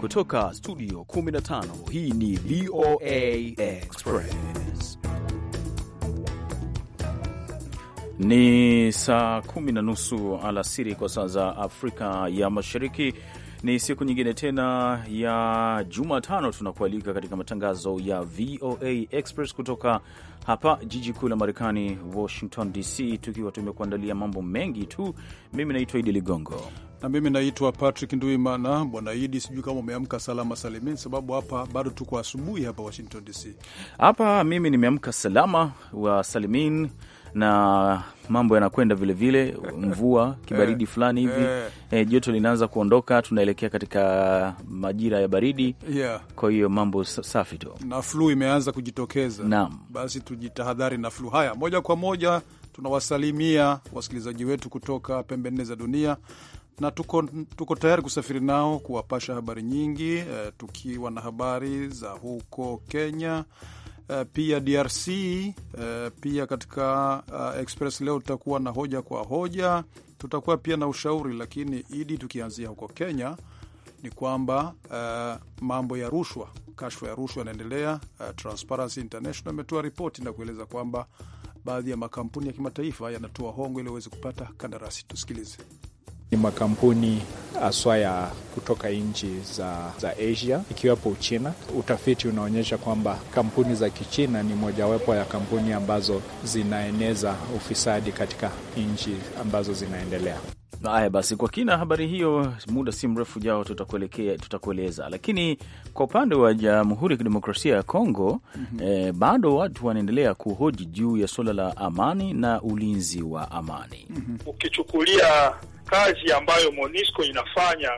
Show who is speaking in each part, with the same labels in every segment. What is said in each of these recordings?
Speaker 1: Kutoka studio 15 hii ni VOA Express. Ni saa kumi na nusu alasiri kwa saa za Afrika ya Mashariki. Ni siku nyingine tena ya Jumatano tunakualika katika matangazo ya VOA Express kutoka hapa jiji kuu la Marekani, Washington DC, tukiwa
Speaker 2: tumekuandalia mambo mengi tu. Mimi naitwa Idi Ligongo na mimi naitwa Patrick Nduimana. Bwana Idi, sijui kama umeamka salama salimini, sababu hapa bado tuko asubuhi hapa Washington DC.
Speaker 1: Hapa mimi nimeamka salama wa salimin na mambo yanakwenda vilevile, mvua eh, kibaridi fulani hivi e, joto linaanza kuondoka, tunaelekea katika majira ya baridi yeah. Kwa hiyo mambo safi tu
Speaker 2: na flu imeanza kujitokeza. Naam, basi tujitahadhari na flu. Haya, moja kwa moja Tunawasalimia wasikilizaji wetu kutoka pembe nne za dunia na tuko, tuko tayari kusafiri nao kuwapasha habari nyingi e, tukiwa na habari za huko Kenya e, pia DRC e, eh, pia katika uh, Express leo tutakuwa na hoja kwa hoja, tutakuwa pia na ushauri. Lakini Idi, tukianzia huko Kenya ni kwamba uh, mambo ya rushwa, kashfa ya rushwa yanaendelea. Uh, Transparency International imetoa ripoti na kueleza kwamba baadhi ya makampuni ya kimataifa yanatoa hongo ili waweze kupata kandarasi. Tusikilize.
Speaker 3: Ni makampuni haswa ya kutoka nchi za, za Asia ikiwepo Uchina. Utafiti unaonyesha kwamba kampuni za Kichina ni mojawapo ya kampuni ambazo zinaeneza ufisadi katika
Speaker 1: nchi ambazo zinaendelea. Haya basi, kwa kina habari hiyo, muda si mrefu ujao tutakuelekea, tutakueleza. Lakini kwa upande wa Jamhuri ya Kidemokrasia ya Kongo mm -hmm. eh, bado watu wanaendelea kuhoji juu ya suala la amani na ulinzi wa amani mm
Speaker 4: -hmm. ukichukulia kazi ambayo MONUSCO inafanya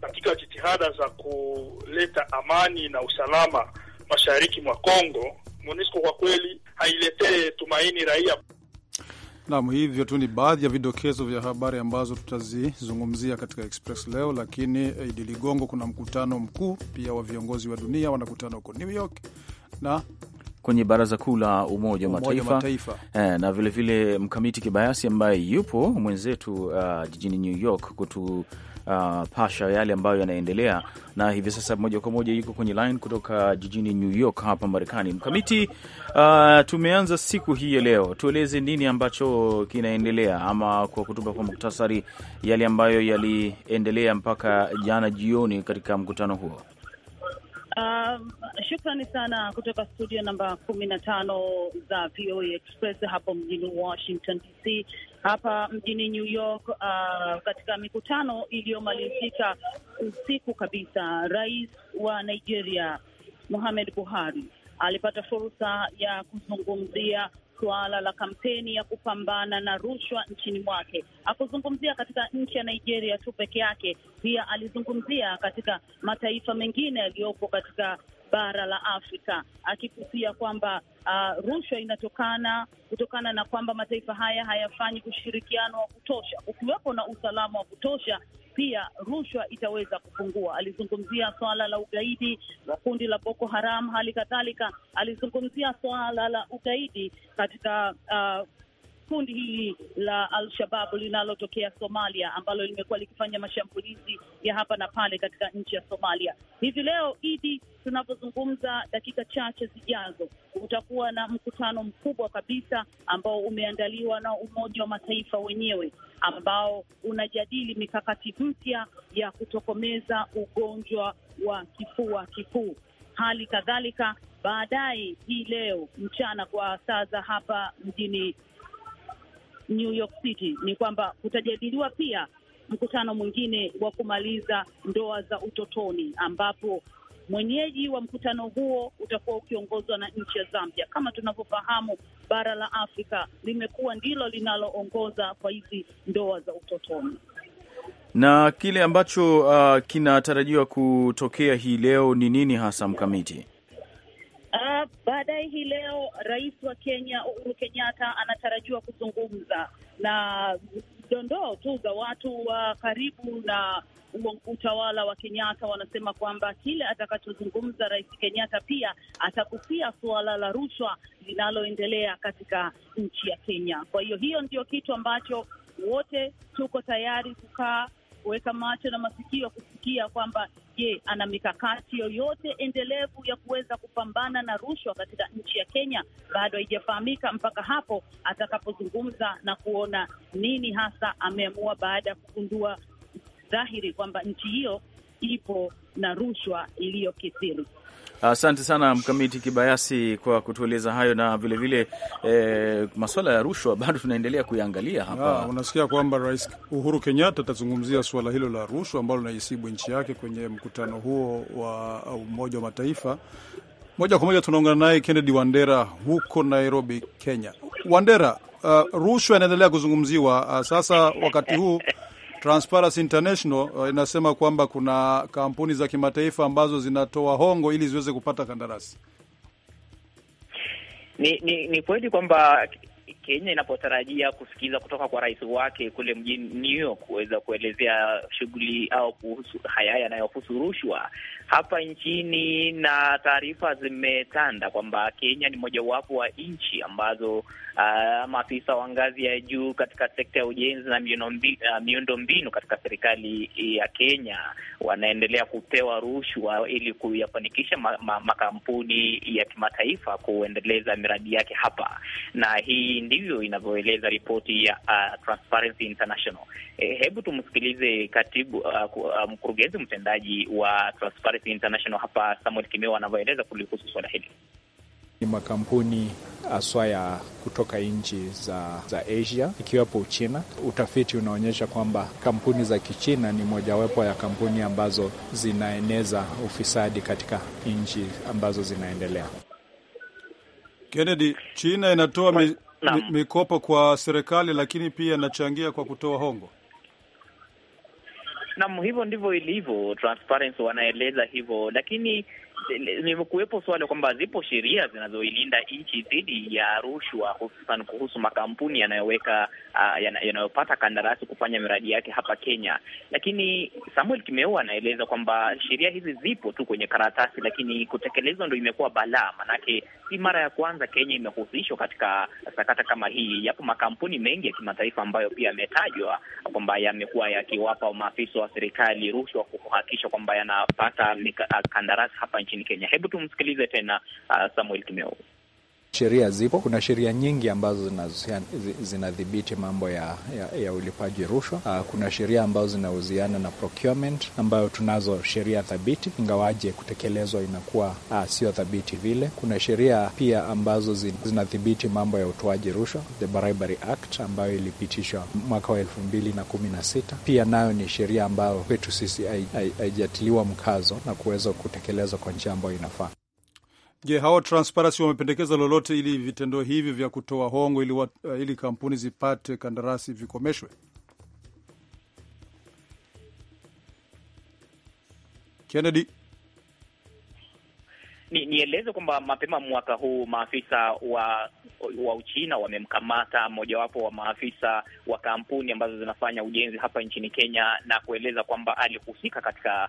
Speaker 4: katika jitihada za kuleta amani na usalama mashariki mwa Kongo, MONUSCO kwa kweli hailetee tumaini raia.
Speaker 2: Nam, hivyo tu ni baadhi ya vidokezo vya habari ambazo tutazizungumzia katika Express leo. Lakini eh, Idi Ligongo, kuna mkutano mkuu pia wa viongozi wa dunia wanakutana huko New York na
Speaker 1: kwenye baraza kuu la Umoja wa Mataifa, Mataifa. Eh, na vilevile vile Mkamiti Kibayasi ambaye yupo mwenzetu uh, jijini New York kutu uh, Pasha yale ambayo yanaendelea, na hivi sasa moja kwa moja yuko kwenye line kutoka jijini New York hapa Marekani. Mkamiti, uh, tumeanza siku hii ya leo, tueleze nini ambacho kinaendelea, ama kwa kutupa kwa muktasari yale ambayo yaliendelea mpaka jana jioni katika mkutano huo.
Speaker 5: Um, shukrani sana kutoka studio namba kumi na tano za VOA Express hapo mjini Washington DC. Hapa mjini New York, uh, katika mikutano iliyomalizika usiku kabisa, rais wa Nigeria Muhammad Buhari alipata fursa ya kuzungumzia suala la kampeni ya kupambana na rushwa nchini mwake. Hakuzungumzia katika nchi ya Nigeria tu peke yake, pia alizungumzia katika mataifa mengine yaliyopo katika bara la Afrika, akikusia kwamba uh, rushwa inatokana kutokana na kwamba mataifa haya hayafanyi ushirikiano wa kutosha. Ukiwepo na usalama wa kutosha, pia rushwa itaweza kupungua. Alizungumzia swala la ugaidi wa kundi la Boko Haram, hali kadhalika alizungumzia swala la ugaidi katika uh, kundi hili la al shabab linalotokea Somalia ambalo limekuwa likifanya mashambulizi ya hapa na pale katika nchi ya Somalia. Hivi leo Idi, tunavyozungumza dakika chache zijazo, utakuwa na mkutano mkubwa kabisa ambao umeandaliwa na Umoja wa Mataifa wenyewe ambao unajadili mikakati mpya ya kutokomeza ugonjwa wa kifua kikuu. Hali kadhalika baadaye hii leo mchana kwa saa za hapa mjini New York City ni kwamba kutajadiliwa pia mkutano mwingine wa kumaliza ndoa za utotoni ambapo mwenyeji wa mkutano huo utakuwa ukiongozwa na nchi ya Zambia. Kama tunavyofahamu, bara la Afrika limekuwa ndilo linaloongoza kwa hizi ndoa za utotoni
Speaker 1: na kile ambacho uh, kinatarajiwa kutokea hii leo ni nini hasa, Mkamiti?
Speaker 5: Uh, baadaye hii leo rais wa Kenya Uhuru Kenyatta anatarajiwa kuzungumza na dondoo tu za watu wa uh, karibu na utawala wa Kenyatta wanasema kwamba kile atakachozungumza rais Kenyatta pia atakufia suala la rushwa linaloendelea katika nchi ya Kenya. Kwa hiyo hiyo ndio kitu ambacho wote tuko tayari kukaa kuweka macho na masikio kusikia kwamba je, ana mikakati yoyote endelevu ya kuweza kupambana na rushwa katika nchi ya Kenya? Bado haijafahamika mpaka hapo atakapozungumza na kuona nini hasa ameamua baada ya kugundua dhahiri kwamba nchi hiyo ipo na rushwa iliyokithiri.
Speaker 1: Asante sana Mkamiti Kibayasi kwa kutueleza hayo, na vilevile eh, masuala ya rushwa bado tunaendelea kuyaangalia
Speaker 2: hapa. Ha, ah, unasikia kwamba Rais Uhuru Kenyatta atazungumzia suala hilo la rushwa ambalo linaisibu nchi yake kwenye mkutano huo wa Umoja wa Mataifa. Moja kwa moja tunaungana naye Kennedy Wandera huko Nairobi, Kenya. Wandera, uh, rushwa inaendelea kuzungumziwa uh, sasa wakati huu Transparency International uh, inasema kwamba kuna kampuni za kimataifa ambazo zinatoa hongo ili ziweze kupata kandarasi.
Speaker 6: Ni, ni, ni kweli kwamba Kenya inapotarajia kusikiliza kutoka kwa rais wake kule mjini New York kuweza kuelezea shughuli au kuhusu haya yanayohusu rushwa hapa nchini, na taarifa zimetanda kwamba Kenya ni mojawapo wa nchi ambazo uh, maafisa wa ngazi ya juu katika sekta ya ujenzi na ah, miundo mbinu katika serikali ya Kenya wanaendelea kupewa rushwa ili kuyafanikisha ma, ma, makampuni ya kimataifa kuendeleza miradi yake hapa na hii hii ndivyo inavyoeleza ripoti ya uh, Transparency International. E, hebu tumsikilize katibu uh, uh, mkurugenzi mtendaji wa Transparency International hapa Samuel Kimeo anavyoeleza kulihusu suala hili.
Speaker 3: Ni makampuni haswa ya kutoka nchi za, za Asia ikiwepo Uchina. Utafiti unaonyesha kwamba kampuni za Kichina ni mojawapo ya kampuni ambazo zinaeneza ufisadi katika nchi ambazo zinaendelea.
Speaker 2: Kennedy, China inatoa mikopo kwa serikali, lakini pia inachangia kwa kutoa hongo.
Speaker 6: Naam, hivyo ndivyo ilivyo. Transparency wanaeleza hivyo, lakini limekuwepo swala kwamba zipo sheria zinazoilinda nchi dhidi ya rushwa, hususan kuhusu makampuni yanayoweka uh, yanayopata kandarasi kufanya miradi yake hapa Kenya. Lakini Samuel Kimeu anaeleza kwamba sheria hizi zipo tu kwenye karatasi, lakini kutekelezwa ndo imekuwa balaa. Manake si mara ya kwanza Kenya imehusishwa katika sakata kama hii. Yapo makampuni mengi ya kimataifa ambayo pia yametajwa kwamba yamekuwa yakiwapa maafisa wa serikali rushwa kuhakikisha kwamba yanapata kandarasi hapa nchini Kenya. Hebu tumsikilize tena uh, Samuel Kimeu.
Speaker 3: Sheria zipo, kuna sheria nyingi ambazo zinadhibiti mambo ya, ya, ya ulipaji rushwa. Ah, kuna sheria ambazo zinahusiana na procurement, ambayo tunazo sheria thabiti, ingawaje kutekelezwa inakuwa ah, sio thabiti vile. Kuna sheria pia ambazo zinadhibiti mambo ya utoaji rushwa, the Bribery Act ambayo ilipitishwa mwaka wa elfu mbili na kumi na sita. Pia nayo ni sheria ambayo kwetu sisi haijatiliwa mkazo na kuweza kutekelezwa kwa njia ambayo inafaa.
Speaker 2: Je, hao Transparency wamependekeza lolote ili vitendo hivi vya kutoa hongo ili, wat, eh, ili kampuni zipate kandarasi vikomeshwe? Kennedy
Speaker 6: nieleze ni kwamba mapema mwaka huu maafisa wa wa Uchina wamemkamata mmojawapo wa maafisa wa kampuni ambazo zinafanya ujenzi hapa nchini Kenya na kueleza kwamba alihusika katika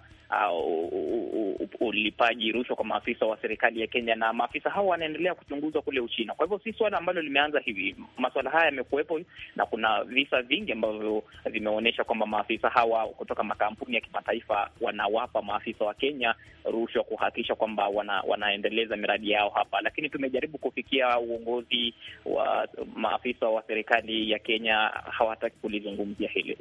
Speaker 6: uh, ulipaji rushwa kwa maafisa wa serikali ya Kenya, na maafisa hao wanaendelea kuchunguzwa kule Uchina. Kwa hivyo si suala ambalo limeanza hivi, masuala haya yamekuwepo, na kuna visa vingi ambavyo vimeonyesha kwamba maafisa hawa kutoka makampuni ya kimataifa wanawapa maafisa wa Kenya rushwa kuhakikisha kwamba wana, wanaendeleza miradi yao hapa. Lakini tumejaribu kufikia uongozi wa maafisa wa serikali ya Kenya, hawataki kulizungumzia hili.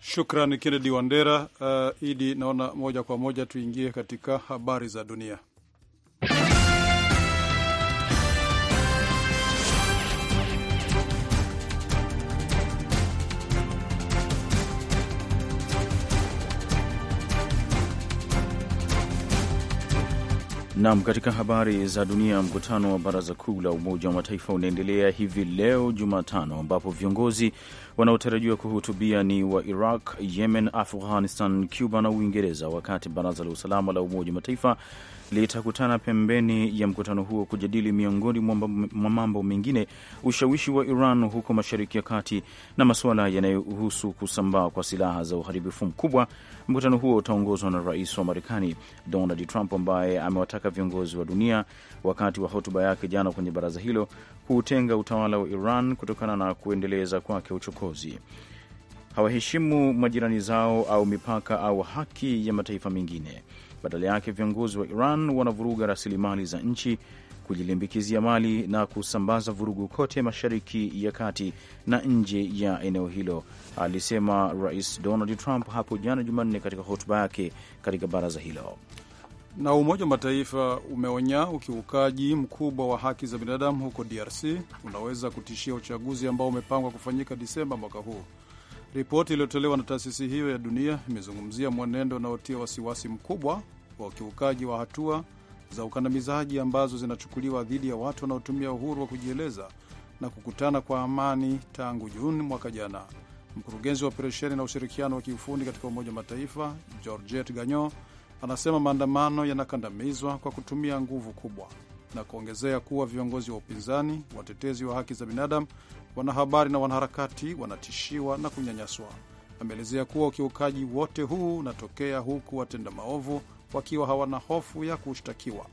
Speaker 2: Shukran Kennedy Wandera. Uh, Idi, naona moja kwa moja tuingie katika habari za dunia.
Speaker 1: Nam, katika habari za dunia, mkutano wa baraza kuu la Umoja wa Mataifa unaendelea hivi leo Jumatano, ambapo viongozi wanaotarajiwa kuhutubia ni wa Iraq, Yemen, Afghanistan, Cuba na Uingereza, wakati baraza la usalama la Umoja wa Mataifa litakutana pembeni ya mkutano huo kujadili miongoni mwa mambo mengine ushawishi wa Iran huko Mashariki ya Kati na masuala yanayohusu kusambaa kwa silaha za uharibifu mkubwa. Mkutano huo utaongozwa na rais wa Marekani Donald Trump ambaye amewataka viongozi wa dunia wakati wa hotuba yake jana kwenye baraza hilo kuutenga utawala wa Iran kutokana na kuendeleza kwake uchokozi hawaheshimu majirani zao au mipaka au haki ya mataifa mengine. Badala yake viongozi wa Iran wanavuruga rasilimali za nchi, kujilimbikizia mali na kusambaza vurugu kote Mashariki ya Kati na nje ya eneo hilo, alisema Rais Donald Trump hapo jana Jumanne katika hotuba yake katika baraza hilo.
Speaker 2: Na Umoja wa Mataifa umeonya ukiukaji mkubwa wa haki za binadamu huko DRC unaweza kutishia uchaguzi ambao umepangwa kufanyika Disemba mwaka huu. Ripoti iliyotolewa na taasisi hiyo ya dunia imezungumzia mwenendo unaotia wasiwasi mkubwa wa ukiukaji wa hatua za ukandamizaji ambazo zinachukuliwa dhidi ya watu wanaotumia uhuru wa kujieleza na kukutana kwa amani tangu Juni mwaka jana. Mkurugenzi wa operesheni na ushirikiano wa kiufundi katika Umoja wa Mataifa Georgette Ganyon anasema maandamano yanakandamizwa kwa kutumia nguvu kubwa na kuongezea kuwa viongozi wa upinzani, watetezi wa haki za binadamu wanahabari na wanaharakati wanatishiwa na kunyanyaswa. Ameelezea kuwa ukiukaji wote huu unatokea huku watenda maovu wakiwa hawana hofu ya kushtakiwa.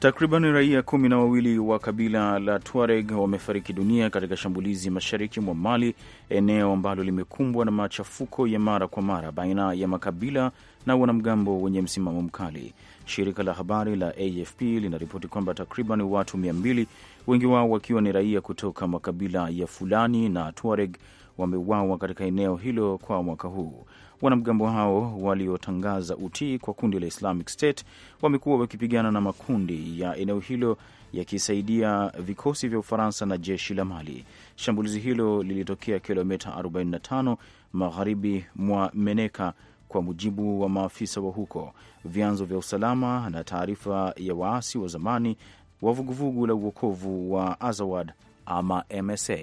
Speaker 1: Takriban raia kumi na wawili wa kabila la Tuareg wamefariki dunia katika shambulizi mashariki mwa Mali, eneo ambalo limekumbwa na machafuko ya mara kwa mara baina ya makabila na wanamgambo wenye msimamo mkali. Shirika la habari la AFP linaripoti kwamba takriban watu mia mbili, wengi wao wakiwa ni raia kutoka makabila ya Fulani na Tuareg wameuawa katika eneo hilo kwa mwaka huu. Wanamgambo hao waliotangaza utii kwa kundi la Islamic State wamekuwa wakipigana na makundi ya eneo hilo yakisaidia vikosi vya Ufaransa na jeshi la Mali. Shambulizi hilo lilitokea kilomita 45 magharibi mwa Meneka, kwa mujibu wa maafisa wa huko, vyanzo vya usalama na taarifa ya waasi wa zamani wa vuguvugu la uokovu wa Azawad ama MSA.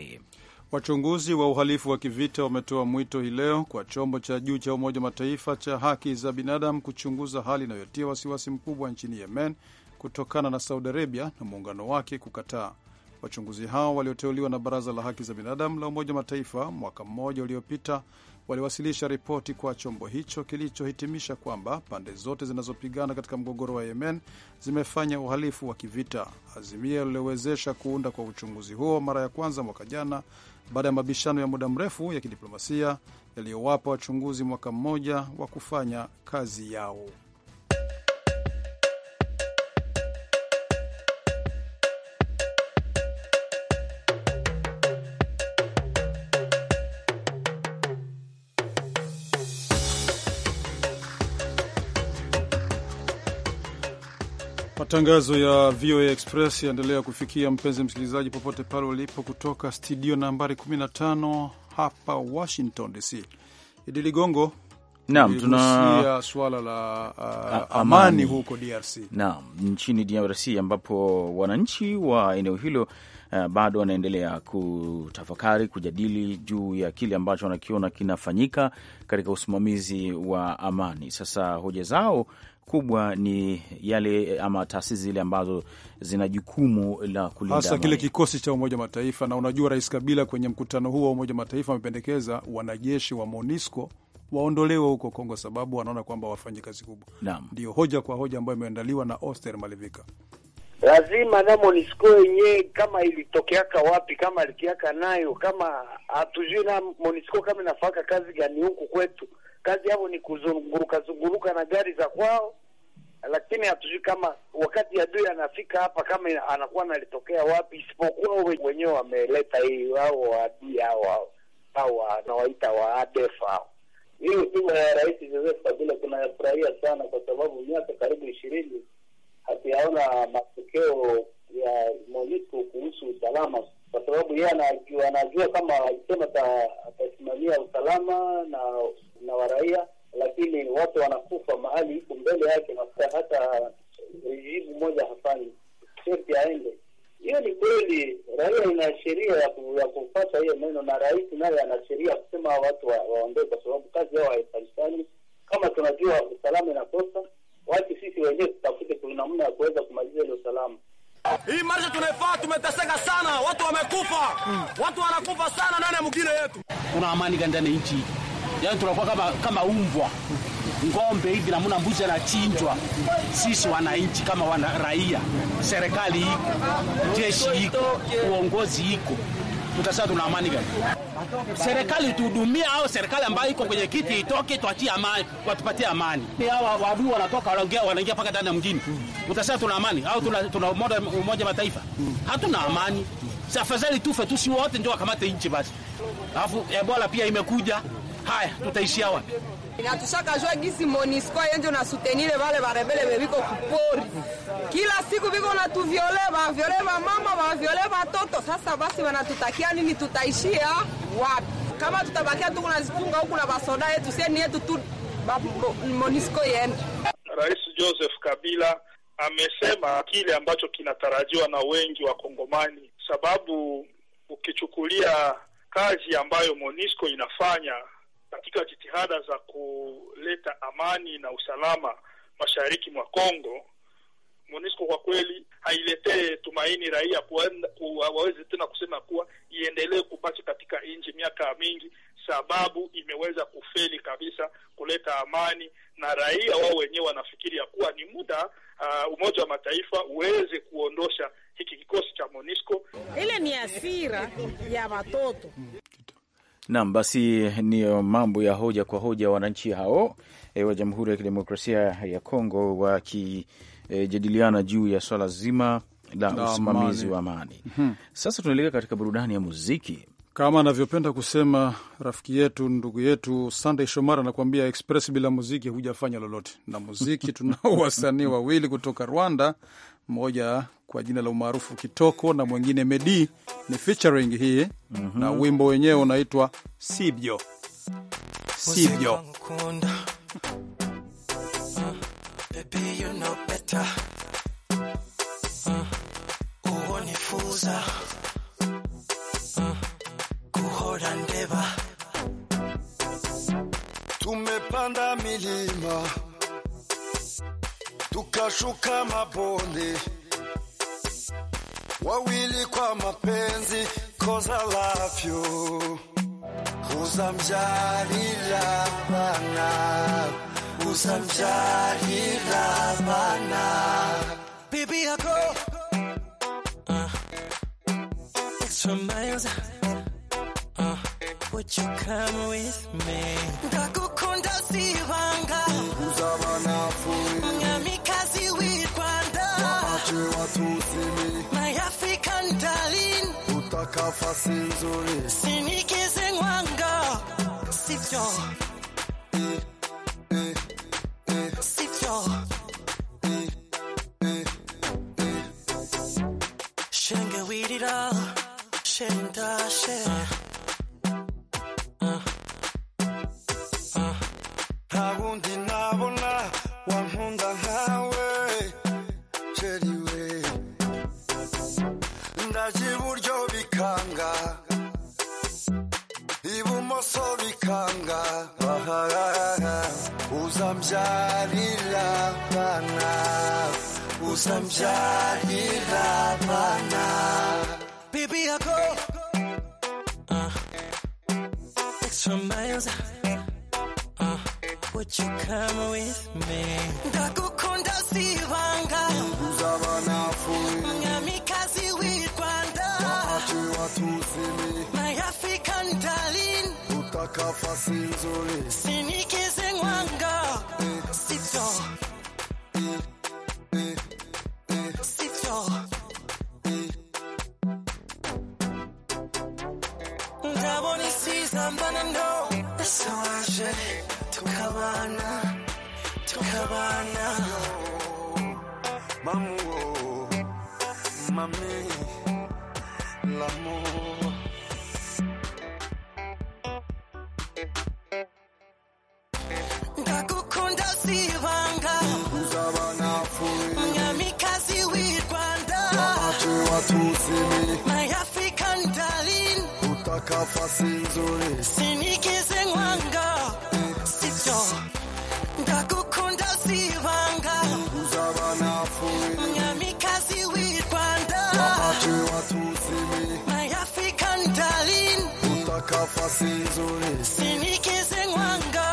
Speaker 2: Wachunguzi wa uhalifu wa kivita wametoa mwito hii leo kwa chombo cha juu cha Umoja wa Mataifa cha haki za binadamu kuchunguza hali inayotia wasiwasi mkubwa nchini Yemen kutokana na Saudi Arabia na muungano wake kukataa. Wachunguzi hao walioteuliwa na Baraza la Haki za Binadamu la Umoja wa Mataifa mwaka mmoja uliopita waliwasilisha ripoti kwa chombo hicho kilichohitimisha kwamba pande zote zinazopigana katika mgogoro wa Yemen zimefanya uhalifu wa kivita. Azimio liliowezesha kuunda kwa uchunguzi huo mara ya kwanza mwaka jana baada ya mabishano ya muda mrefu ya kidiplomasia yaliyowapa wachunguzi mwaka mmoja wa kufanya kazi yao. Matangazo ya VOA Express yaendelea kufikia mpenzi msikilizaji, popote pale ulipo, kutoka studio nambari 15 hapa Washington DC. Idi Ligongo
Speaker 1: Naam, tuna
Speaker 2: swala la uh, amani, amani huko DRC.
Speaker 1: Naam, nchini DRC ambapo wananchi wa eneo hilo uh, bado wanaendelea kutafakari, kujadili juu ya kile ambacho wanakiona kinafanyika katika usimamizi wa amani. Sasa hoja zao kubwa ni yale ama taasisi zile ambazo zina jukumu la kulinda hasa kile
Speaker 2: kikosi cha Umoja Mataifa. Na unajua Rais Kabila kwenye mkutano huo wa Umoja Mataifa amependekeza wanajeshi wa monisco waondolewe huko Kongo sababu wanaona kwamba wafanyi kazi kubwa. Ndio hoja kwa hoja ambayo imeandaliwa na Oster Malivika.
Speaker 4: Lazima na MONISCO yenyewe kama ilitokeaka wapi, kama alikiaka nayo, kama hatujui na MONISCO kama inafaka kazi gani huku kwetu kazi yao ni kuzunguruka zunguruka na gari za kwao, lakini hatujui kama wakati adui anafika hapa, kama anakuwa nalitokea wapi, isipokuwa wenyewe wameleta hii wao waadui hao au wanawaita wa ADF hao. Hii hotuba ya Rais Joseph Kabila tunayafurahia sana, kwa sababu miaka karibu ishirini hatuyaona matokeo ya MONUSCO kuhusu usalama kwa sababu yeye anajua, anajua kama akisema atasimamia usalama na na waraia, lakini watu wanakufa mahali iko mbele yake, na hata jibu e, moja hafanyi, sherti aende. Hiyo ni kweli, raia ina sheria ya kufuata hiyo neno, na rais naye ana sheria kusema watu waondoe kwa sababu kazi yao haifanyikani. Kama tunajua usalama inakosa, wacha sisi wenyewe tutafute kuna namna ya kuweza kumaliza ile usalama. Hii marsha tunaifaa, tumeteseka sana, watu wamekufa mm. watu
Speaker 7: wanakufa sana, ndani
Speaker 1: ya mwingine yetu? Kuna amani gani ndani nchi? Yaani tunakuwa kama kama umbwa ng'ombe hivi, namuna mbuzi anachinjwa. Sisi wananchi kama wana raia, serikali iko, jeshi iko, uongozi iko, tutasema tuna amani gani? serikali tuhudumia au serikali ambayo iko kwenye kiti itoke, tuachie amani, watupatie amani. Hawa wadui wanatoka wanaongea, wanaingia paka ndani ya mjini. Mm. Utasema tuna amani au tuna, tuna umoja, umoja mataifa? Mm. Hatuna amani. Si afadhali tufe tu, si wote ndio wakamate nchi basi. Alafu Ebola pia imekuja, haya tutaishia wapi?
Speaker 8: Natushakajua gisi Monisco yenje na sutenile vale barebele bebiko kupori kila siku biko viko natuvyole, vavyole vamama, vavyole vatoto. Sasa basi wanatutakia nini? Tutaishia wapi? Kama tutabakia tu kunazifunga huku na basoda yetu ni yetu tu Monisco yende. Rais Joseph Kabila amesema
Speaker 4: kile ambacho kinatarajiwa na wengi wa Kongomani, sababu ukichukulia kazi ambayo Monisco inafanya katika jitihada za kuleta amani na usalama mashariki mwa Kongo MONUSCO kwa kweli hailetee tumaini raia, waweze tena kusema kuwa iendelee kubaki katika nchi miaka mingi, sababu imeweza kufeli kabisa kuleta amani, na raia wao wenyewe wanafikiri ya kuwa ni muda uh, Umoja wa Mataifa uweze kuondosha
Speaker 5: hiki kikosi cha MONUSCO. Ile ni hasira ya watoto.
Speaker 1: Naam, basi ni mambo ya hoja kwa hoja, wananchi hao e, wa Jamhuri ya Kidemokrasia ya Kongo waki e, jadiliana juu ya
Speaker 2: swala zima la usimamizi wa amani. Mhm. Sasa tunaelekea katika burudani ya muziki kama anavyopenda kusema rafiki yetu ndugu yetu sandey Shomari anakuambia Express, bila muziki hujafanya lolote. Na muziki tunao wasanii wawili kutoka Rwanda, mmoja kwa jina la umaarufu Kitoko na mwingine Medi. Ni featuring hii mm -hmm. na wimbo wenyewe unaitwa sibyo sibyo
Speaker 7: Baby, you know better. Uh, kuhora uh, ndeva. Tumepanda milima tukashuka mabonde, wawili kwa mapenzi, cause I love you, kuza mjalila bana ushamjahila mana bibi yako miles uh, would you come with me ndakukunda sivanga uzabanafuwe mnyamikazi witwanda waache watusimi my african darling utakafasi nzuri sinikize mwanga sivyo it all. but I know that's how I should. Tukabana, Tukabana. Mamu, oh, mami, l'amour. nafasi nzuri, sinikize mwanga sinikize mwanga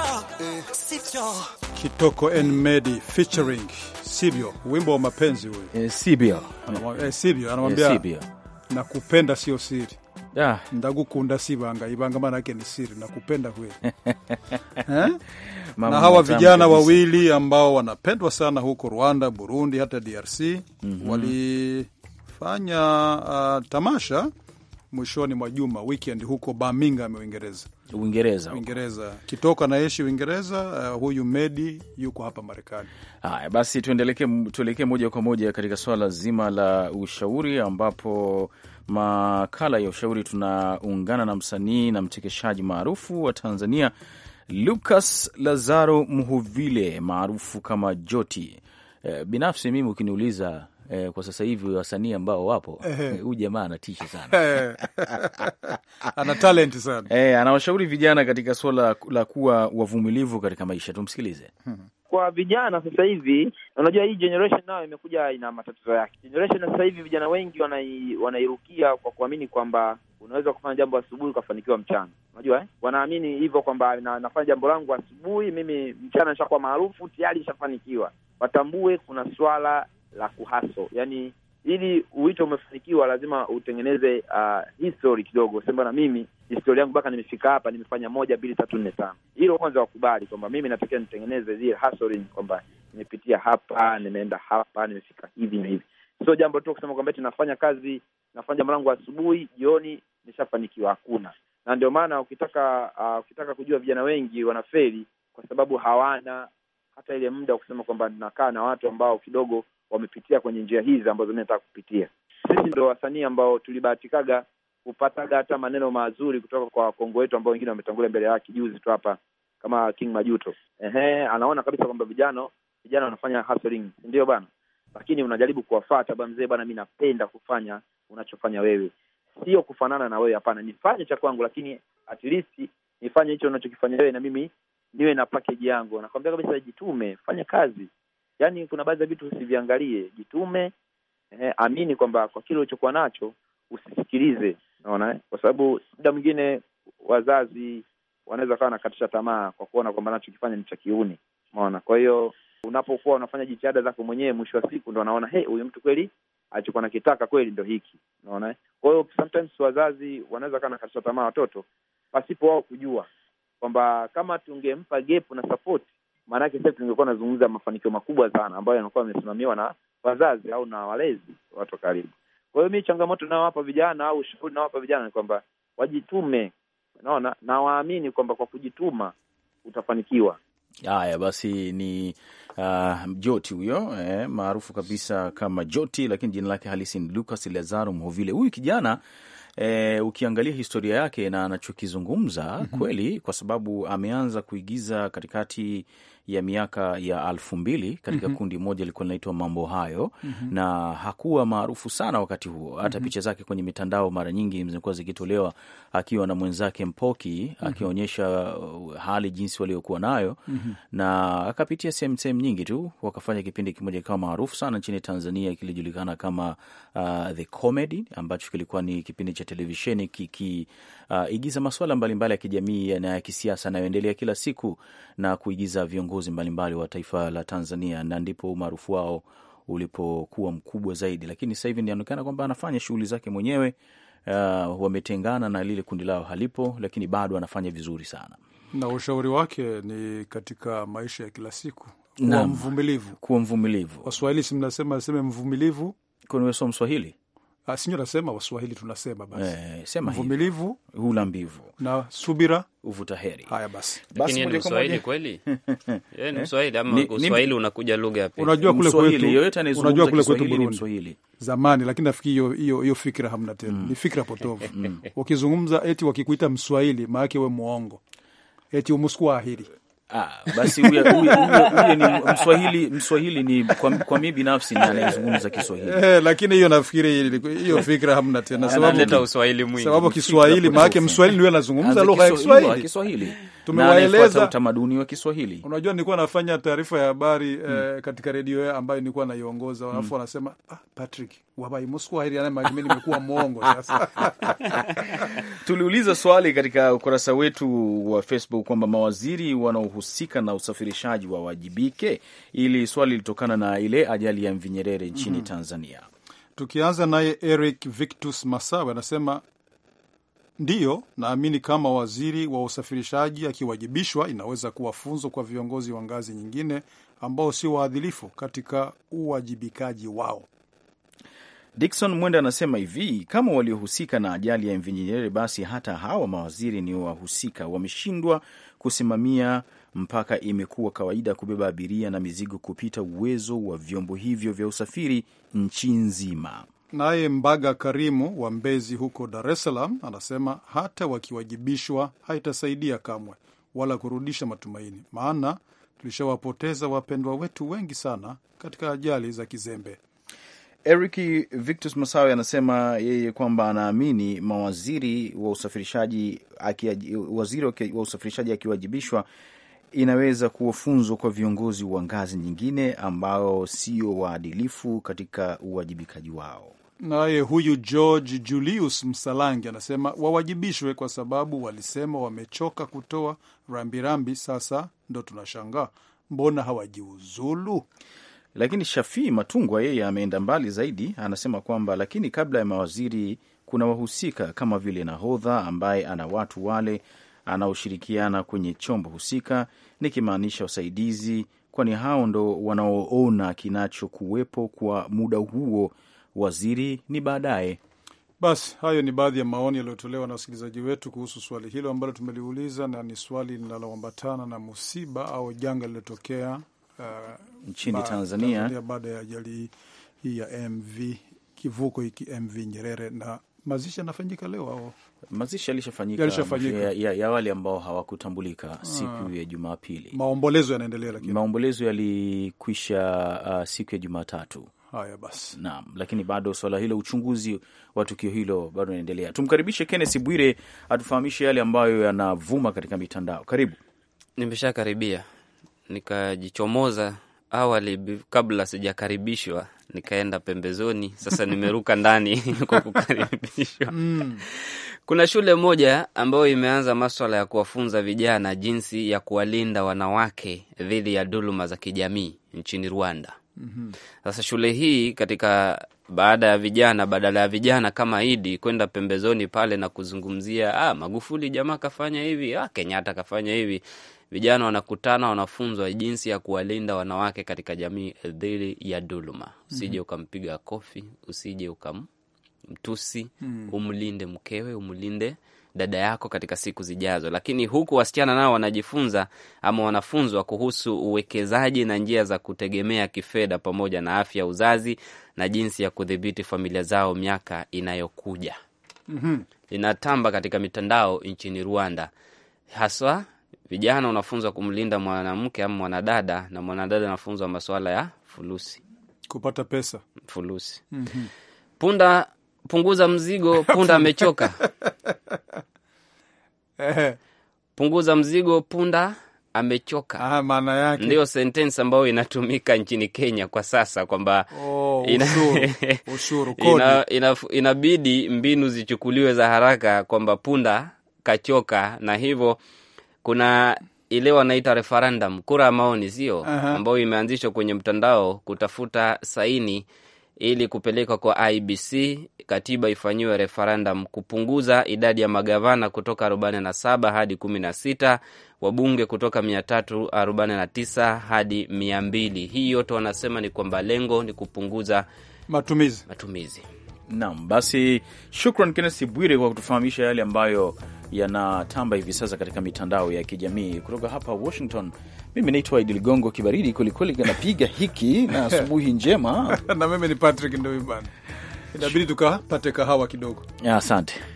Speaker 2: Kitoko Nmedi featuring Sibio, wimbo wa mapenzi huyu. Eh, Sibyo eh, anamwambia eh, nakupenda sio siri yeah. Ndagukunda si banga ibanga, maana yake ni siri, nakupenda kweli eh? na hawa vijana wawili ambao wanapendwa sana huko Rwanda, Burundi, hata DRC mm -hmm. walifanya uh, tamasha mwishoni mwa juma weekend huko Birmingham, Uingereza. Uingereza, Uingereza. kitoka naishi Uingereza. Uh, huyu Medi yuko hapa Marekani. Haya basi, tuelekee moja kwa moja katika swala
Speaker 1: zima la ushauri ambapo makala ya ushauri tunaungana na msanii na mchekeshaji maarufu wa Tanzania Lucas Lazaro Mhuvile maarufu kama Joti. E, binafsi mimi ukiniuliza E, kwa sasa hivi wasanii ambao wapo eh, huyu jamaa anatisha sana ana talent sana e, anawashauri vijana katika suala la kuwa wavumilivu katika maisha.
Speaker 4: Tumsikilize. Hmm kwa vijana sasa hivi, unajua hii generation nayo imekuja ina matatizo yake. Generation sasa hivi vijana wengi wanairukia wanairukia kwa kuamini kwamba unaweza kufanya jambo asubuhi ukafanikiwa mchana. Unajua eh? Wanaamini hivyo kwamba na, nafanya jambo langu asubuhi, mimi mchana nishakuwa maarufu tayari, nishafanikiwa. Watambue kuna swala la kuhaso, yani ili uwito umefanikiwa lazima utengeneze uh, history kidogo, sema na mimi historia yangu mpaka nimefika hapa, nimefanya moja mbili tatu nne tano. Hilo kwanza wakubali kwamba mimi natakiwa nitengeneze zile hustle kwamba nimepitia hapa, nimeenda hapa, nimefika hivi na hivi. Sio jambo tu kusema kwamba tunafanya kazi, nafanya jambo langu asubuhi, jioni nishafanikiwa. Hakuna. Na ndio maana ukitaka uh, ukitaka kujua vijana wengi wanafeli kwa sababu hawana hata ile muda wa kusema kwamba nakaa na watu ambao kidogo wamepitia kwenye njia hizi ambazo mi nataka kupitia. Sisi ndo wasanii ambao tulibahatikaga kupata hata maneno mazuri kutoka kwa wakongo wetu ambao wengine wametangulia mbele yake juzi tu hapa kama King Majuto. Ehe, anaona kabisa kwamba vijana vijana wanafanya hustling, ndio bana? Lakini unajaribu kuwafuata bwana mzee, bwana, mi napenda kufanya unachofanya wewe, sio kufanana na wewe. Hapana, nifanye cha kwangu, lakini at least nifanye hicho unachokifanya wewe, na mimi niwe na package yangu. nakwambia kabisa, jitume, fanya kazi. Yaani kuna baadhi ya vitu usiviangalie, jitume. Ehe, amini kwamba kwa kile ulichokuwa nacho usisikilize naona kwa sababu muda mwingine wazazi wanaweza kawa wanakatisha tamaa kwa kuona kwamba nachokifanya ni cha kiuni, umeona. Kwa hiyo unapokuwa unafanya jitihada zako mwenyewe, mwisho wa siku ndo anaona hey, huyu mtu kweli alichokuwa nakitaka kweli ndo hiki, naona Kwa hiyo sometimes wazazi wanaweza kawa wanakatisha tamaa watoto pasipo wao kujua kwamba kama tungempa gepu na support, maanake sasa tungekuwa nazungumza mafanikio makubwa sana ambayo yanakuwa yamesimamiwa na wazazi au na walezi, watu wa karibu. Kwa hiyo mi changamoto inayowapa vijana au ushauri inayowapa vijana ni kwamba wajitume, naona na waamini kwamba kwa kujituma utafanikiwa.
Speaker 1: Haya basi, ni uh, ah, Joti huyo eh, maarufu kabisa kama Joti, lakini jina lake halisi ni Lucas Lazaro Mhovile. Huyu kijana eh, ukiangalia historia yake na anachokizungumza mm -hmm. Kweli, kwa sababu ameanza kuigiza katikati ya miaka ya alfu mbili katika mm -hmm. kundi moja ilikuwa linaitwa mambo hayo mm -hmm. na hakuwa maarufu sana wakati huo, hata mm -hmm. picha zake kwenye mitandao mara nyingi zimekuwa zikitolewa akiwa na mwenzake Mpoki mhm. akionyesha uh, hali jinsi waliokuwa nayo mm -hmm. na akapitia sehemu sehemu nyingi tu, wakafanya kipindi kimoja kikawa maarufu sana nchini Tanzania kilijulikana kama uh, The Comedy ambacho kilikuwa ni kipindi cha televisheni kiki uh, igiza masuala mbalimbali ya kijamii na ya kisiasa yanayoendelea kila siku na kuigiza viongozi mbalimbali wa taifa la Tanzania, na ndipo umaarufu wao ulipokuwa mkubwa zaidi. Lakini sasa hivi inaonekana kwamba anafanya shughuli zake mwenyewe. Uh, wametengana na lile kundi lao halipo, lakini bado anafanya vizuri sana,
Speaker 2: na ushauri wake ni katika maisha ya kila siku kuwa mvumilivu, kuwa mvumilivu. Waswahili si mnasema aseme mvumilivu, kuniweso Mswahili? Ah, sinyo nasema Waswahili tunasema basi eh, mvumilivu
Speaker 1: hula mbivu na subira uvuta heri. Haya basi, basi ni Mswahili
Speaker 8: kweli yeye ni eh? Mswahili ama Uswahili unakuja lugha ya pili? Unajua kule kwetu, yoyote unajua kule kwetu Burundi
Speaker 2: zamani, lakini nafikiri hiyo hiyo hiyo fikra hamna tena mm. Ni fikra potovu mm. Wakizungumza eti wakikuita Mswahili maana yake wewe muongo, eti umuswahili Ah, basi huyo ni Mswahili.
Speaker 1: Mswahili ni kwa, kwa mimi binafsi ni anayezungumza Kiswahili
Speaker 2: eh, lakini hiyo nafikiri hiyo fikra hamna tena, sababu sababu Kiswahili maana Mswahili ndio anazungumza lugha ya Kiswahili. Kiswahili tumewaeleza
Speaker 1: utamaduni wa Kiswahili.
Speaker 2: Unajua, nilikuwa nafanya taarifa ya habari mm. eh, hmm. katika redio ambayo nilikuwa naiongoza, hmm. alafu mm. wanasema ah, Patrick wabai Mswahili anayemimi nimekuwa mwongo sasa. Tuliuliza
Speaker 1: swali katika ukurasa wetu wa Facebook kwamba mawaziri wanao wanaohusika na usafirishaji wawajibike? Ili swali lilitokana na ile ajali ya MV Nyerere nchini mm -hmm. Tanzania.
Speaker 2: Tukianza naye Eric Victus Masawe anasema ndiyo, naamini kama waziri wa usafirishaji akiwajibishwa, inaweza kuwa funzo kwa viongozi wa ngazi nyingine ambao sio waadilifu katika uwajibikaji wao.
Speaker 1: Dikson Mwenda anasema hivi, kama waliohusika na ajali ya MV Nyerere, basi hata hawa mawaziri ni wahusika, wameshindwa kusimamia mpaka imekuwa kawaida kubeba abiria na mizigo kupita uwezo wa vyombo hivyo vya usafiri nchi nzima.
Speaker 2: Naye Mbaga Karimu wa Mbezi huko Dar es Salaam anasema hata wakiwajibishwa haitasaidia kamwe, wala kurudisha matumaini, maana tulishawapoteza wapendwa wetu wengi sana katika ajali za kizembe.
Speaker 1: Eric Victus Masawe anasema yeye kwamba anaamini mawaziri wa usafirishaji waziri wa usafirishaji akiwajibishwa inaweza kuwa funzo kwa viongozi wa ngazi nyingine ambao sio waadilifu katika uwajibikaji wao.
Speaker 2: Naye huyu George Julius Msalangi anasema wawajibishwe kwa sababu walisema wamechoka kutoa rambirambi, sasa ndo tunashangaa mbona hawajiuzulu.
Speaker 1: Lakini Shafii Matungwa yeye ameenda mbali zaidi, anasema kwamba lakini kabla ya mawaziri kuna wahusika kama vile nahodha ambaye ana watu wale anaoshirikiana kwenye chombo husika, nikimaanisha wasaidizi, kwani hao ndo wanaoona kinachokuwepo kwa muda huo. Waziri ni baadaye.
Speaker 2: Basi hayo ni baadhi ya maoni yaliyotolewa na wasikilizaji wetu kuhusu swali hilo ambalo tumeliuliza, na ni swali linaloambatana na musiba au janga lililotokea uh, nchini ba Tanzania, Tanzania baada ya ajali hii ya MV kivuko hiki MV Nyerere, na mazishi yanafanyika leo au mazishi yalishafanyika
Speaker 1: ya, ya, ya wale ambao hawakutambulika siku ah. ya Jumapili.
Speaker 2: Maombolezo yanaendelea,
Speaker 1: lakini maombolezo yalikwisha uh, siku ya Jumatatu. Haya basi, naam, lakini bado swala hilo, uchunguzi wa tukio hilo bado unaendelea. Tumkaribishe kennes Bwire
Speaker 8: atufahamishe yale ambayo yanavuma katika mitandao. Karibu. Nimeshakaribia nikajichomoza awali kabla sijakaribishwa nikaenda pembezoni, sasa nimeruka ndani kwa kukaribishwa. Mm. Kuna shule moja ambayo imeanza maswala ya kuwafunza vijana jinsi ya kuwalinda wanawake dhidi ya dhuluma za kijamii nchini Rwanda. Mm-hmm. Sasa shule hii katika baada ya vijana badala ya vijana kama Idi kwenda pembezoni pale na kuzungumzia ah, Magufuli jamaa kafanya hivi, ah, Kenyatta kafanya hivi Vijana wanakutana wanafunzwa jinsi ya kuwalinda wanawake katika jamii dhidi ya dhuluma. Usije mhm. ukampiga kofi, usije ukamtusi, hmm. umlinde mkewe, umlinde dada yako katika siku zijazo. Lakini huku wasichana nao wanajifunza ama wanafunzwa kuhusu uwekezaji na njia za kutegemea kifedha, pamoja na afya uzazi na jinsi ya kudhibiti familia zao miaka inayokuja. Mm -hmm. Inatamba katika mitandao nchini Rwanda haswa vijana unafunzwa kumlinda mwanamke ama mwanadada, na mwanadada anafunzwa masuala ya fulusi, kupata pesa, fulusi. mm -hmm. Punda punguza mzigo, punda amechoka. punguza mzigo, punda amechoka. Ah, maana yake ndio sentensi ambayo inatumika nchini Kenya kwa sasa kwamba
Speaker 4: oh, ina, ushuru, ina,
Speaker 8: ina, inabidi mbinu zichukuliwe za haraka kwamba punda kachoka na hivyo kuna ile wanaita referendum, kura ya maoni, sio ambayo imeanzishwa kwenye mtandao kutafuta saini ili kupelekwa kwa IBC katiba ifanyiwe referendum kupunguza idadi ya magavana kutoka 47 hadi 16, wabunge kutoka 349 hadi 200. Hii yote wanasema ni kwamba lengo ni kupunguza matumizi, matumizi. Naam, basi shukran Kennesi Bwire kwa kutufahamisha yale ambayo
Speaker 1: yanatamba hivi sasa katika mitandao ya kijamii. Kutoka hapa Washington, mimi naitwa Idi Ligongo. Kibaridi kwelikweli kanapiga hiki, na asubuhi
Speaker 2: njema na mimi ni Patrick Ndoibana, inabidi tukapate kahawa kidogo.
Speaker 1: Asante.